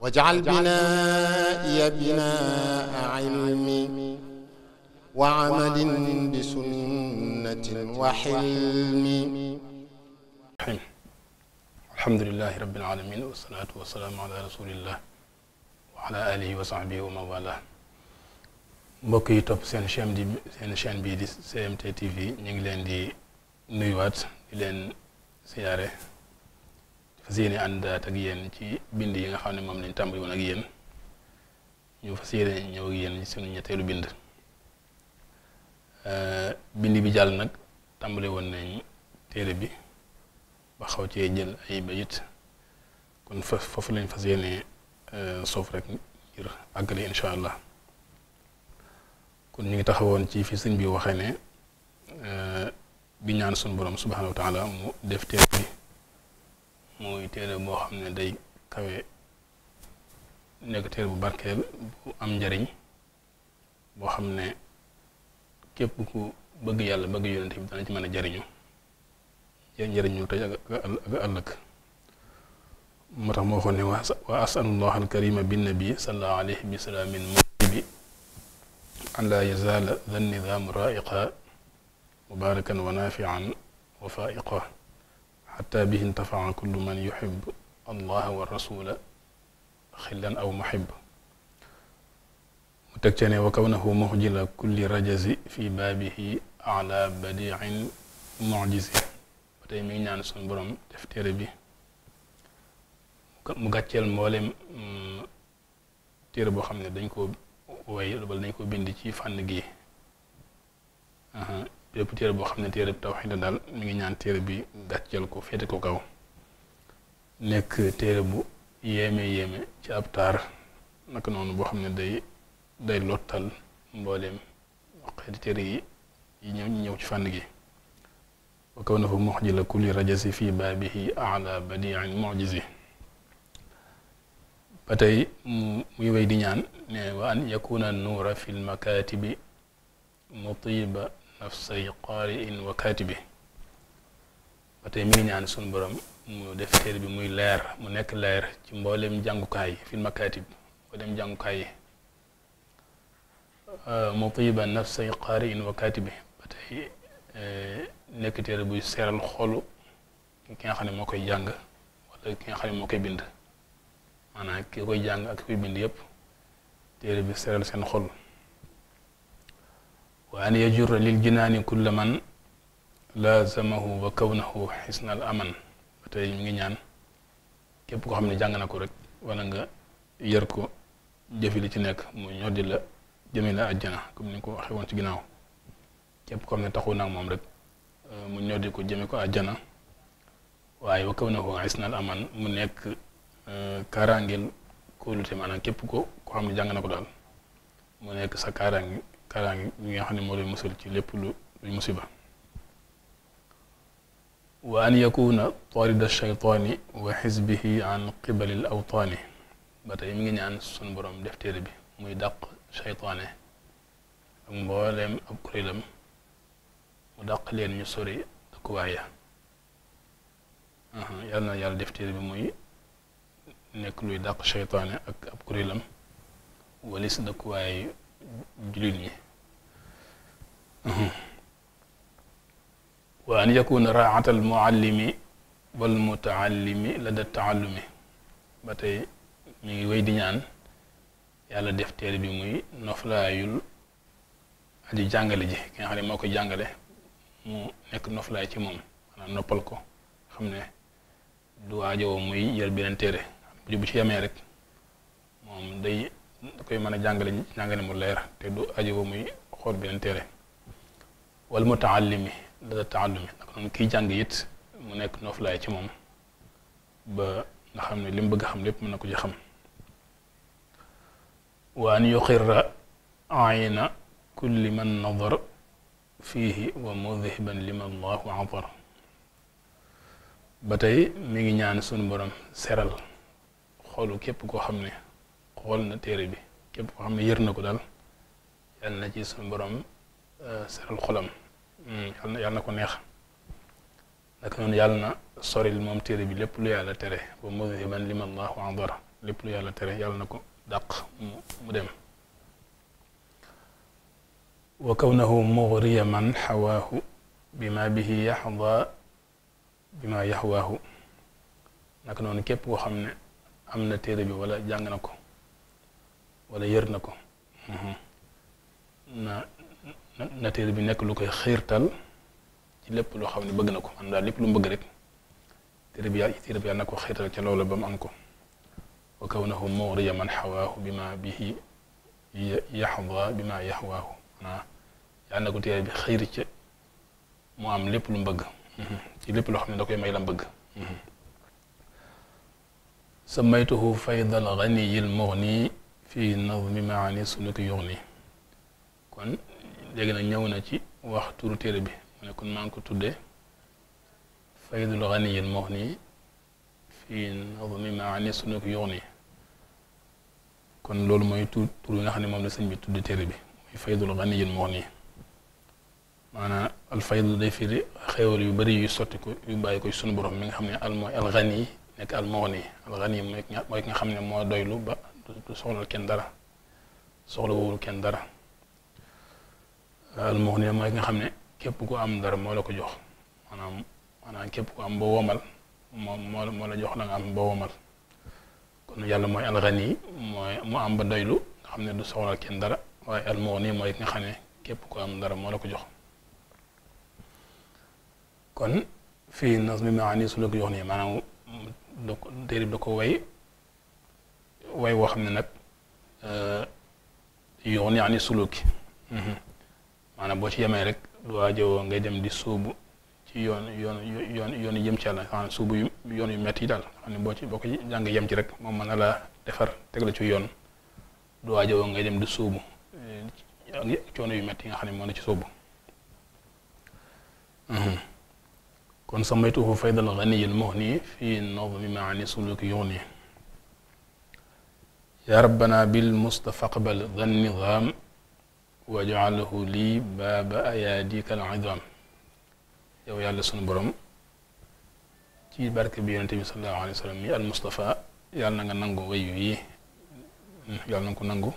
واجعل بنائي بناء علم وعمل بسنة وحلم الحمد لله رب العالمين والصلاة والسلام على رسول الله وعلى آله وصحبه ومن والاه mbokk yi topp seen chaîne di seen chaîne bii di GMT TV ñu ngi leen di nuyuwaat di leen siyaare fas yéene àndaat ak yéen ci bind yi nga xam ne moom lañ tàmbali woon ak yéen ñu fas yéene ñëw ak yéen suñu ñetteelu bind euh, bind bi jàll nag tàmbali woon nañ téere bi ba xaw cee jël ay bayit kon fa foofu lañ fas yéene euh, suuf rek ngir àggale incha allah kon ñu ngi taxawoon ci fii sëñ bi waxee ne euh, di ñaan suñu borom subhanahu wa mu def téere bi mooy téere boo xam ne day kawe nekk téere bu barkeel bu am njariñ boo xam ne képp ku bëgg yàlla bëgg yonent bi dana ci mën a jariñu njariñul tey ak ak ëllëg moo tax moo xoon ne wa asalullah alkarima bin nabi sallallahu alayhi bi salaamin mujibi an laa yazaala dha nizaam wa naafian wa xata bihi intafaa kullu man yuxib allah wa rasula xillan aw muxib mu teg ca ne wa kawnahu muxjila kulli rajazi fi baabihi ala badiin mujisi ba borom def téere bi mu gàcceel mboolem mm, téere boo xam ne dañ ko way wala bind ci fànn gi lépp téere boo xam ne téere bi tawxiid a daal mu ngi ñaan téere bi gàcceel ko féete ko kaw nekk téere bu yéeme yéeme ci ab taar naka noonu boo xam ne day day lottal mbooleem xeeti téere yi yi ñëw ñu ñëw ci fànn gi wa kaw na fa muxji la kulli rajasi fii baabihi ala badiin mujisi ba tey mu muy way di ñaan ne an yakuna nuura fi lmakaatibi mutiba nafsay qaariin wa kaatibi ba tey mi ngi ñaan sunu borom mu def téere bi muy leer mu nekk leer ci mboolem jàngukaay yi fil bi mboolem jàngukaay yi euh, mutiba nafsay qaariin wa kaatibi ba tey euh, nekk téere buy seral xolu ki nga xam ne moo koy jàng wala ki nga xam ne moo koy bind maanaa ki koy jàng ak ki koy bind yépp téere bi seral seen xol wa an yajurra lil jinaani kulla man laazamahu wa kawnahu xisnal aman ba tey mi ngi ñaan képp koo xam ne jàng na ko rek wala nga yër ko jëfi li ci nekk mu ñoddi la jëme la àjjana comme ni ko waxee woon ci ginnaaw képp koo xam ne taxu naag moom rek euh, mu ñoddi ko jëme ko jana waaye wa kawnahu xisnal aman mu nekk euh, kaaraangeel kóolute maanaam képp ko koo xam ne jàng na ko daal mu nekk sa kaaraange kaaraange gi nga xam ne moo lay musal ci lépp lu luy musiba wa an yakuna tarida shaytaani wa xisbihi an qibalil awtaani ba tey mi ngi ñaan sunu borom def bi muy dàq shaytaane ak mbooleem ab kuréelam mu dàq leen ñu sori dëkkuwaay ya yal na yàlla def téere bi muy nekk luy dàq shaytaane ak ab kuréelam walis dëkkuwaay jullit ñi wa an yakuna raata al muallimi wal mutaallimi la da taallumi ba tey mu ngi wéy di ñaan yàlla def téere bi muy noflaayul aji jàngale ji ki xam ne moo ko jàngale mu nekk noflaay ci moom maanaam noppal ko xam ne du waajowoo muy yër beneen téere bu ci yemee rek moom day da koy mën a jàngale jàngale mu leer te du aji woo muy xool beneen téere wal mutaallimi la taallumi naka noonu kiy jàng it mu nekk noflaay ci moom ba nga xam ne li bëgg a xam lépp mën na ko ci xam wa an yuqirra ayna kulli man nadar fii wa mudhiban lima allahu atar ba tey mu ngi ñaan sunu borom seral xolu képp koo xam ne xool na téere bi képp koo xam ne yër na ko daal yàlla na ci suñu borom euh, seral xolam hmm, yàlla na ko neex naka noonu yàlla na soril moom téere bi lépp lu yàlla tere ba mudhiban lima allahu andar lépp lu yàlla tere yàlla na ko dàq dem wa kawnahu mughriya man xawaahu bima bihi yaxda bima yaxwaahu naka noonu képp koo xam ne am na téere bi wala jàng na ko wala yër na ko mhm. na bi nekk lu koy xiirtal ci lépp loo xam ne bëgg na ko man daal lépp lu mu bëgg rek téere bi yàlla téere bi yàlla ba mu am ko wa kawnahu man xawaahu bi ma bihi yaxda bi ma yaxwaahu maanaam yàlla na ko bi xiir ca mu am lépp lu mu bëgg mhm. ci lépp loo xam ne da koy may lam mhm. faydal ganiyi l mughni fii nazmi maani suluki yugni kon léegi nag ñëw na ci wax turu téere bi kon maa ngi ko tuddee faydul ganiyil mughni fii nazmi maani kon loolu mooy tur tur yi nga ne moom la sëñ bi tuddee téere bi muy yu bari yu sotti ko yu bàyyi ko sunu borom mi nga xam ne al mooy al gani nekk al mughni al gani mooy mooy nga xam ne moo doylu ba du soxlal kenn dara soxla wowul kenn dara al mughni mooy nga xam ne képp ku am dara moo la ko jox maanaam maanaam képp ku am boo moom moo jox la womal kon yàlla mooy alxani mooy mu xam ne du soxlal kenn dara waaye al mughni mooy am dara moo la ko jox kon fii nas bi maani su la ko jox nii maanaam da ko téere da ko way way woo xam ne nag euh, yoon yaa ni suluki mhm. maanaam boo ci yemee rek du waajowoo ngay dem di suubu ci yoon yoon yoon yoon yëm ci yàlla xam suubu yu yoon yu metti yi daal xam ne boo ci boo ko jàng yem ci rek moom mën na laa defar teg la ci yoon du waajowoo ngay dem di suubu coono yu metti yi nga xam ne moo na ci suubu mhm. kon samaytuhu faydal ganiyil muhni fii nadmi maani suluki yoon yi yaa rabbana bil mustafa aqbal dan nidaam wajalahu lii baaba ayaadika al idam yow yàlla sunu borom ci barke bi yonente bi sallallahu alayhi wa sallam mi al na nga nangu wéyu yi yàlla ko nangu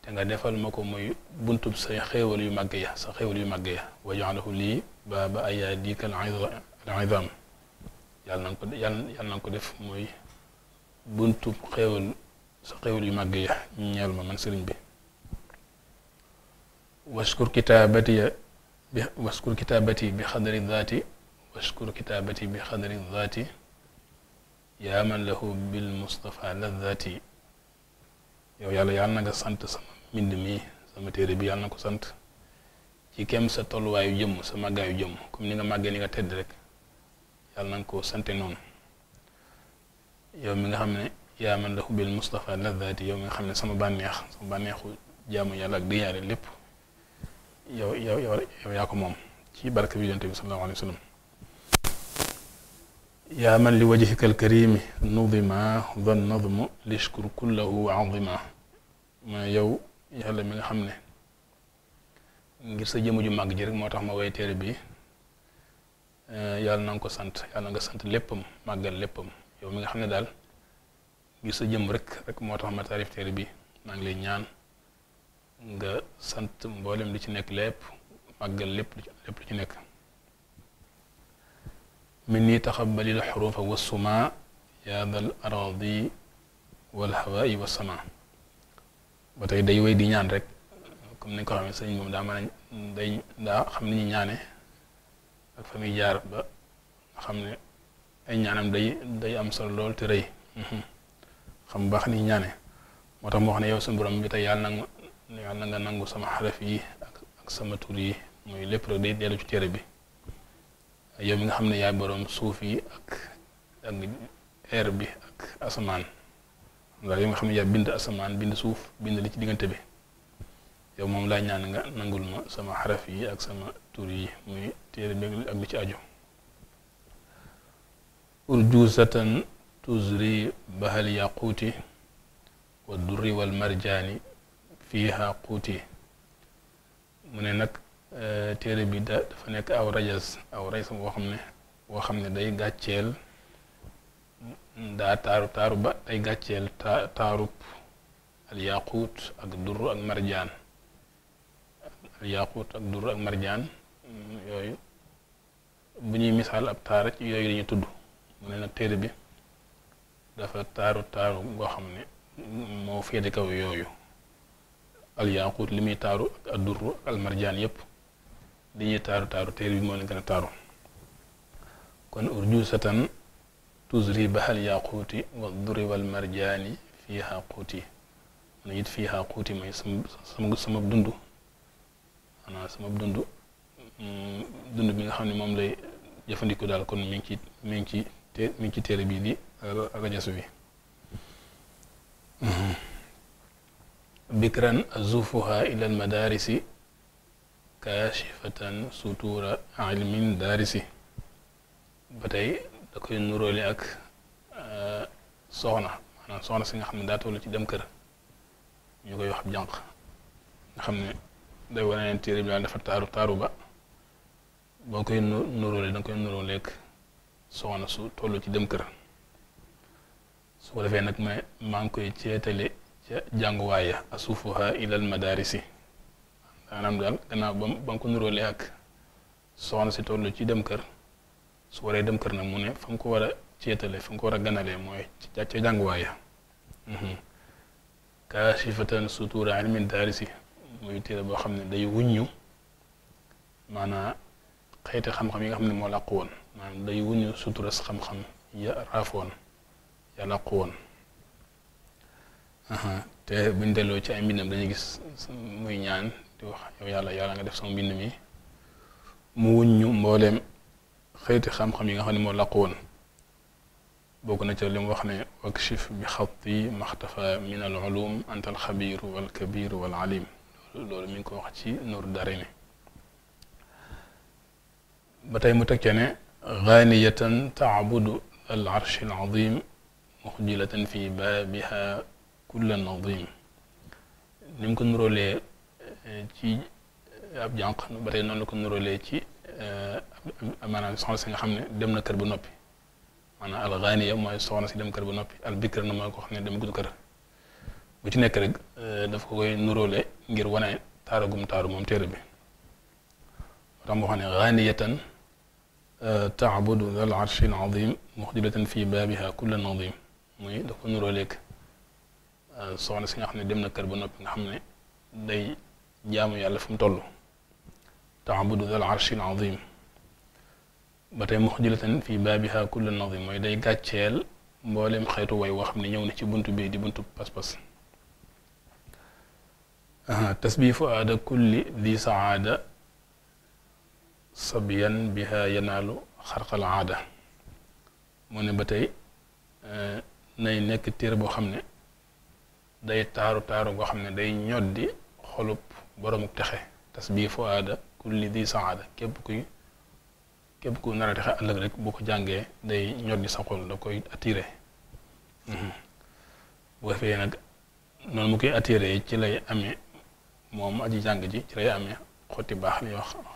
te nga defal ma ko muy buntub say xéewal yu màgg ya sa xéewal yu màgg ya wajalahu lii baaba ayaadika al idam yàlla na nga na nga ko def muy buntub xéewal sa xéewal yu màgg ya ñu ñeel ma man sëriñ bi washkur kitaabatiya bi washkur kitaabati bi xadari daati washkur kitaabati bi xadari daati yaa man lahu bil mustafa lazati yow yàlla yàlla na nga sant sama mbind mi sama téere bi yàlla na ko sant ci kem sa tolluwaayu jëmm sa màggaayu jëmm comme ni nga màggee ni nga tedd rek yàlla na nga ko sante noonu yow mi nga xam ne yaa man lahu bil Mustafa lazati yow mi nga xam ne sama bànneex sama bànneexu jaamu yàlla ak diyaare lépp yow yow yaa ko moom ci barke bi yonent bi sallallahu alayhi wa sallam yaa man li wajhika alkarimi nudima dhan nadmu lishkur kullahu azima mu ne yow yàlla mi nga xam ne ngir sa jëmm ju màgg ji rek moo tax ma woy téere bi eh, yàlla na nga ko sant yàlla nga sant léppam màggal léppam yow mi nga xam ne daal ngir sa jëm rek rek moo tax ma taarif téere bi maa ngi lay ñaan nga sant mboolem li ci nekk lépp màggal lépp lépp lu ci nekk min nii taxabalil xurufa wassuma yaa dal aradi walhawaayi wassama ba tey day wéy di ñaan rek comme ni nga ko xamee xam ni ñu ñaane ak fa muy jaar ba xam ne ay ñaanam day day am solo lool te rëy mhm. xam baax ni ñaane moo tax mu wax ne yow suñu boroom bi te yàlla nag yàlla na nga nangu sama xaraf yi ak sama tur yi muy lépp rek day dellu ci téere bi yow mi nga xam ne yaay borom suuf yi ak ak bi ak asamaan ndax yow xam ne yaa bind asamaan bind suuf bind li ci diggante bi yow moom laa ñaan nga nangul ma sama xaraf yi ak sama tur yi muy téere bi ak lu ci aju urjuusatan tuzri bahal yaquuti wa durri wal marjaani fiiha quuti mu ne nag eh, téere bi da dafa nekk aw rajas aw rajas boo xam ne boo xam ne day gàcceel daa taaru taaru ba day gàcceel taa taarub ak dur ak marjaan yooyu bu ñuy misaal ab taara ci yooyu dañu tudd mu ne nag téere bi dafa taaru taaru goo xam ne moo féete kaw yooyu al yaaquut li muy taaru ak addurru ak almarjaan yépp li ñuy taaru taaru téere bi moo leen gën a taaru kon urjuusatan tuzri bahal yaaquuti wa durri wal marjaani fiihaa quuti mu ne it fiihaa mooy sama sama dund xanaa sama mm, dund dund bi nga xam ne moom lay jëfandikoo daal kon mi ngi ngi ci te mi ci téere bii di rajasu bi mhm. bikran azufuha ila almadarisi kaashifatan sutura ilmin daarisi ba tey da koy nuróole ak eh, soxna maanaam soxna si nga xam ne daa toll ci dem kër ñu koy wax jànq nga xam ne day wane ne téere bi daal dafa taaru taaru ba boo koy nuróole da nga koy nuróoleeg soxna su tollu ci dem kër su ko defee nag ma maa ngi koy ceetale ca jànguwaay ya asufuha ilal madarisi maanaam daal gannaaw bam ba nga ko nuróole ak soxna si toll ci dem kër su waree dem kër nag mu ne fa ko wara a ceetale fa ko war a ganalee mooy ca ca jànguwaay ya mhm. kaashifatan sutura ilmin daarisi muy téere boo xam ne day wuññu maanaa xeeti xam-xam yi nga xam ne moo làqu woon maanaam day wuñu suturas xam-xam ya raafoon ya làqu woon te buñ delloo ci ay mbindam dañuy gis muy ñaan di wax yow yàlla yàlla nga def sama mbind mi mu wuññu mbooleem xeeti xam-xam yi nga xam ne moo làqu woon bokk na ca li wax ne wakshif bi xatti maxtafa min al ulum anta al xabir wal kabir wal alim loolu mi ngi ko wax ci Nuuru Daarayni ba tey mu teg ca ne gaaniyatan taabudu al arshi al azim muxjilatan fi baabiha kulla nadim ni mu ko nuróolee eh, ci eh, ab jànq ba tey noonu la ko nuróolee ci eh, maanaam soxna si nga xam ne dem na kër ba noppi maanaam al gaaniya mooy soxna si dem kër ba noppi al bikr na mooy ko xam ne dem gudd kër bu ci nekk rek daf ko koy nuróole ngir wane taaragum taaru moom téere bi moo tax mu xam ne gaaniyatan taabudu dal arshi al azim muxjilatan fi baabiha kulla nazim muy da ko nuroo lekk euh, soxna si nga xam ne dem na kër ba noppi nga xam ne day jaamu yàlla fu mu toll taabudu dal arshi al azim ba tey muxjilatan fi baabiha kulla nazim mooy day gàcceel mbooleem xeetu way woo xam ne ñëw na ci buntu bii di buntu pas-pas tasbiifu aada kulli di saada sabiyan biha yanaalu xarqal aada mu ne ba tey eh, nay nekk téere boo xam ne day taaru taaru goo xam ne day ñoddi xolub boroomu texe tasbii fu aada kulli di saada képp kuy képp ku nar texe ëllëg rek boo ko jàngee day ñoddi sa xol da koy attire mhm. bu defee nag noonu mu koy attiré ci lay amee moom aji jàng ji ci lay amee xotti baax yoo xam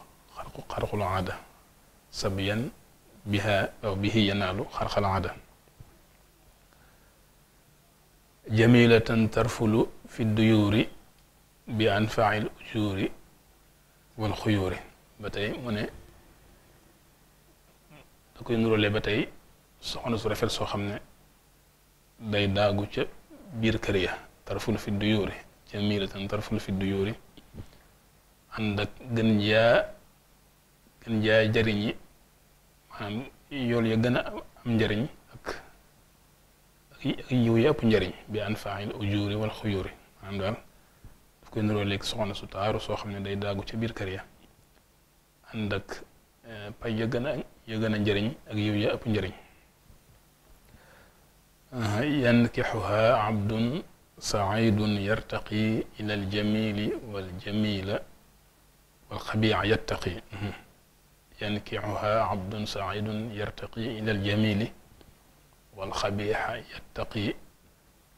xarxul aada sabiyan biha aw bihi yanaalu xarxal aada jamilatan tarfulu fi duyuuri bi anfail ujuuri wal xuyuuri ba tey mu ne da koy nurólee ba tey soxna su rafet soo xam ne day daagu ca biir kër ya tarful fi duyuuri jamilatan tarful fi duyuuri ànd ak gën jaa seen jaay yool ya gën a am njariñ ak ak yiw ya ëpp njariñ bi an fail ujuri wal xuyuri maanaam daal daf koy nuroo léegi soxna su taaru soo xam ne day daagu ca biir kër ya ànd ak eh, pay ya gën a njariñ ak yiw ya ëpp njariñ yankixuha abdun saidun yartaqi ila aljamili waljamila walxabiia yattaqi uhm. yankiuha abdun saidun yartaqi ila aljamili walxabiha yattaqi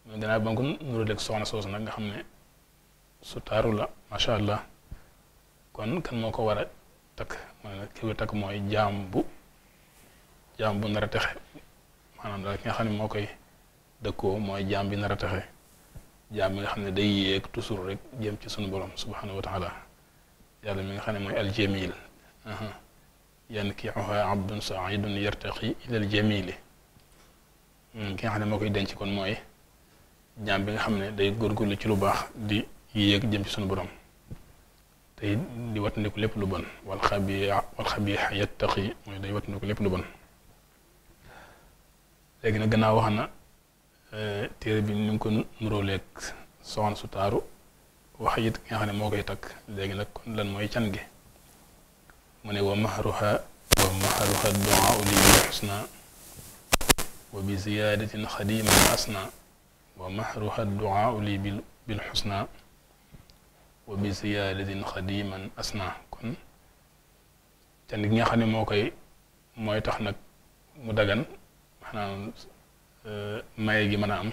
mu danaa ba nga ko nuróleg soxna soosu nag nga xam ne su taaru la macha allah kon kan moo ko war a takk mooy ki ko mooy jaam bu jaam bu nar a texe maanaam ki nga xam ne moo koy ko mooy jaam bi nar a texe jaam bi nga xam ne day yéeg toujours rek jëm ci sunu borom subhanahu wa taala yàlla mi nga xam ne mooy aljamil yankihuha abdun saidun yartaqi ilal jamili hmm, ki nga xam ne moo koy denc kon mooy jaam bi nga xam ne day góor góorgóorlu ci lu baax di yéeg jëm ci suñu borom tey di wattandiku lépp lu bon wal xabi wal xabiix yattaqi mooy day wattandiku lépp lu bon léegi nag gannaaw wax na eh, téere bi ni mu ko nuróoleeg soxna su taaru wax it ki nga xam ne moo koy takk léegi nag kon lan mooy can gi mu ne wa mahruha wa mahruha duaa li xusna wa bi ziyaadatin xadiman asna wa mahruha duaa li bil xusna wa bi ziyaadatin xadiman asna kon can gi nga xam ne moo koy mooy tax nag mu dagan maanaam euh, maye gi mën a am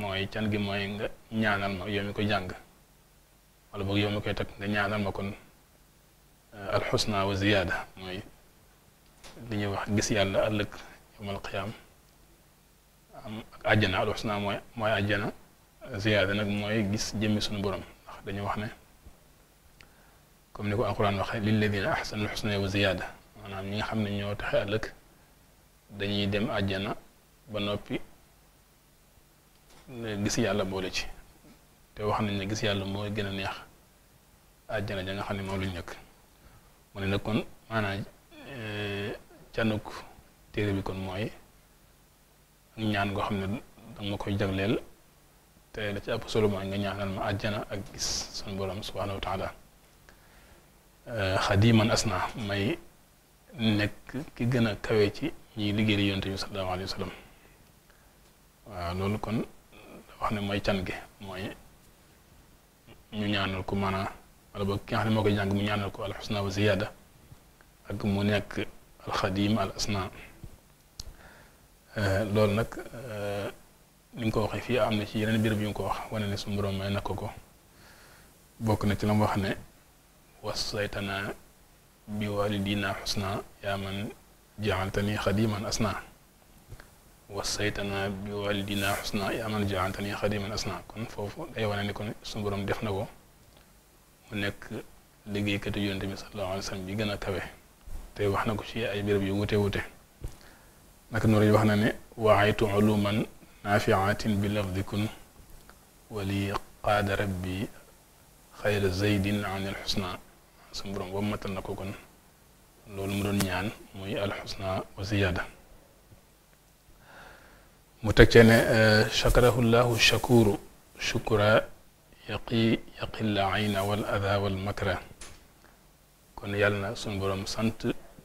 mooy can gi mooy nga ñaanal ma yow mi ko jàng wala boog yow mi koy teg nga ñaanal ma kon Euh, alxusna wa ziyaada mooy li ñuy wax gis yàlla ëllëg yowmal qiyaam am ak àjjana mooy mooy àjjana ziyaada nag mooy gis jëmmi suñu borom ndax dañu wax ne comme ni ko alquran waxee lilladina ahsanu alxusna wa ziyaada maanaam ñi nga xam ne ñoo taxe ëllëg dem àjjana ba noppi gis yàlla boole ci te wax nañ ne gis yàlla moo gën a neex àjjana ja nga xam ne moom luñ nekk mu ne nag kon maanaam euh, canuk téere bi kon mooy ñaan goo xam ne danga ma koy jagleel te la ci ëpp solo mooy nga ñaanal ma àjjana ak gis sunu borom subhaanahu wa taala euh, xadiman asna may nekk ki gën a kawe ci ñiy liggéey li yonte bi sallallahu alayhi wa sallam loolu kon wax ne mooy can gi mooy ñu ñaanal ko maanaam wala boog xam ne moo koy jàng mu ñaanal ko alxusna wa ziyaada ak mu nekk alxadim al asna euh, loolu nag euh, ni nga ko waxee fii am na ci yeneen béréb yu nga ko wax wane ne suñu borom may na ko bokk na ci la mu wax ne wasaytana bi walidina xusna yaa man jaaltani xadiman asna wasaytana bi walidina xusna yaa man jaaltani xadiman asna kon foofu day wane ne kon suñu borom def na ko mu nekk liggéeykatu yonent bi sallallahu alayhi wa sallam bi gën a kawe te wax na ko ci ay béréb yu wute wute naka noonu wax na ne waaytu uluman naafiatin bi lafdikun wali qaada rabbi xayra zaydin an alxusna suñu borom ba matal na ko kon loolu mu ñaan muy alxusna wa ziyaada mu teg cee ne chakarahu eh, llahu shukura yaqi yaqil ayna wal ada wal makra kon yàlla na suñu borom sant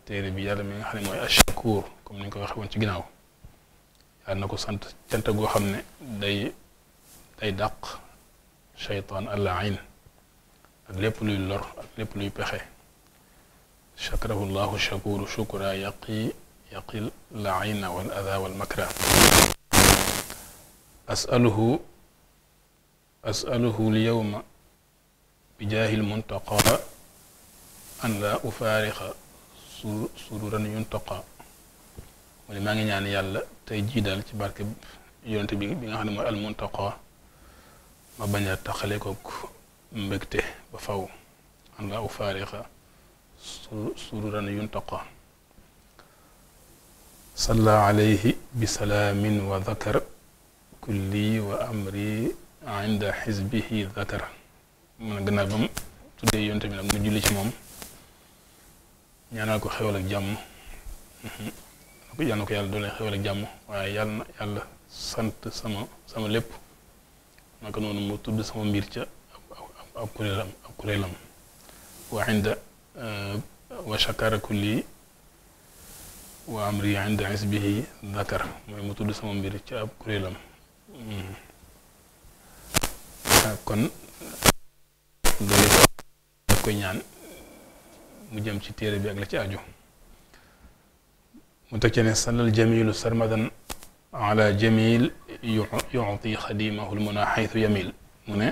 téere bi yàlla mi nga xam ne mooy ashakur comme ni ñu ko waxee woon ci ginnaaw yàlla na ko sant cant goo xam ne day day dàq shaytaan al ayn ak lépp luy lor ak lépp luy pexe shakarahu llahu shakuru shukra yaqi yaqil ayna wal ada wal makra asaluhu asaluhu lyowma bi jaahil muntaqa an laa ufaarixa su sururan yuntaqa wala maa ngi ñaan yàlla tey jii ci barke yonente bi nga xam ne mooy al muntaqa ma bañ a taxale kook mbégte ba faw an laa ufaarixa sururan yuntaqa salla alayhi bi salaamin wa dakar kulli wa amri inda xisbihi zakara ci moom ñaanal ko xewal jàmm yal na yàlla doole xewal jàmm waaye yàlla na yàlla sant sama sama lépp naka noonu mu tudd sama mbir ca ab kuréelam ab kuréelam wa inda eh, mu tudd sama mbir ca ab kuréelam hmm. Euh, kon loolu daf koy ñaan mu jëm ci téere bi ak la ci aju mu te ci ne salal jamilu sarmadan ala jamil yuti xadimahu lmuna xaytu yamil mu ne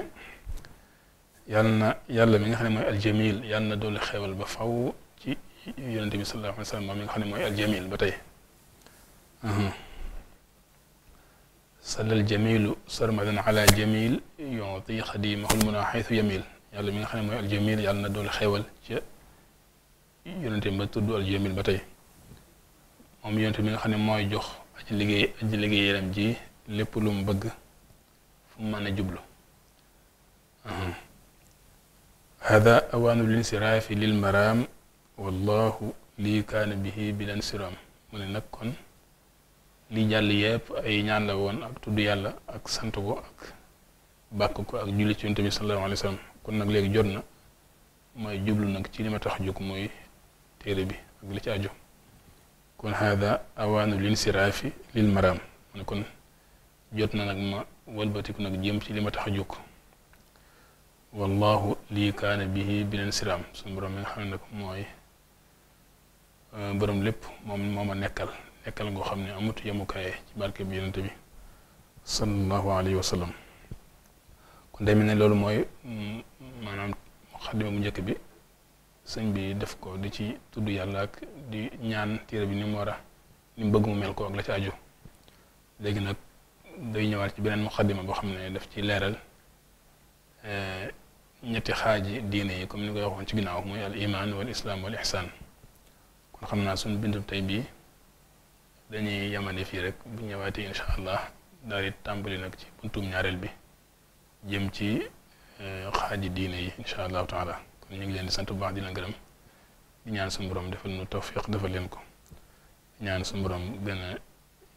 yàlla na yàlla mi nga xam ne mooy aljamil yàlla na doole xewal ba faw ci yonente bi mi nga xam ne mooy aljamil ba tey salal jamilu sarmadan ala jamil yonti xadimahul muna xaytu yamil yàlla mi nga xam ne mooy aljamil yàlla na dool xeewal ca yonente ba tudd aljamil ba tey moom yonente mi nga xam ne mooy jox aji liggéey aji ji lépp lu mu bëgg fu mu mën a jublu hada awaanu linsiraafi lil maraam wallahu lii kaana bi leen siraam mu ne nag kon lii jàll yépp ay ñaan la woon ak tudd yàlla ak sant ko bàkk ko ak julli ci yonent bi sallallahu alayhi kon nag léegi jot na mooy jublu nag ci li ma tax jóg mooy téere bi ak li ci aju kon haada awaanu linsiraafi lil maraam mu kon jot na nag ma walbatiku nag jëm ci li ma tax a jóg wallahu lii kaana bihi siraam suñu borom xam ne nag mooy euh, borom lépp moom moo nekkal nekkal ngoo xam ne amut yemukaay ci barke bi yonent bi sallallahu alayhi wa sallam day mel loolu mooy mm, maanaam xaddima bu njëkk bi sëñ bi def ko di ci tudd yàlla ak di ñaan téere bi ni mu war a ni bëgg mu mel ko ak la ci aju léegi nag day ñëwaat ci beneen muqaddima boo xam ne daf ci leeral eh, ñetti xaaji diine yi comme ni koy waxoon ci ginnaaw muy al iman wal islaam wal kon xam naa suñ bindu tey bii dañuy yemane fii rek bu ñëwaatee incha allah daal di tàmbali nag ci buntum ñaareel bi jëm ci euh, xaaji diine yi incha allahu taala kon ñu ngi leen di sant bu baax di leen ñaan suñu borom defal nu tawfiq defal leen ko di ñaan suñu borom gën a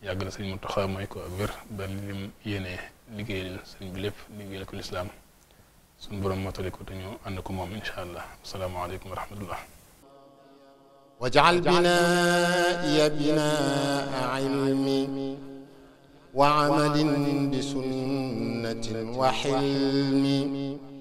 yàggal sëñ Muntaxa mooy ko ak wér ba lim yéene liggéeyal sëñ bi lépp liggéeyal ko lislaam suñu borom mottali ko te ñu ànd ko moom incha allah asalaamaaleykum wa rahmatullah واجعل بنائي بناء علمي wa amalin bi sunnatin wa hilmi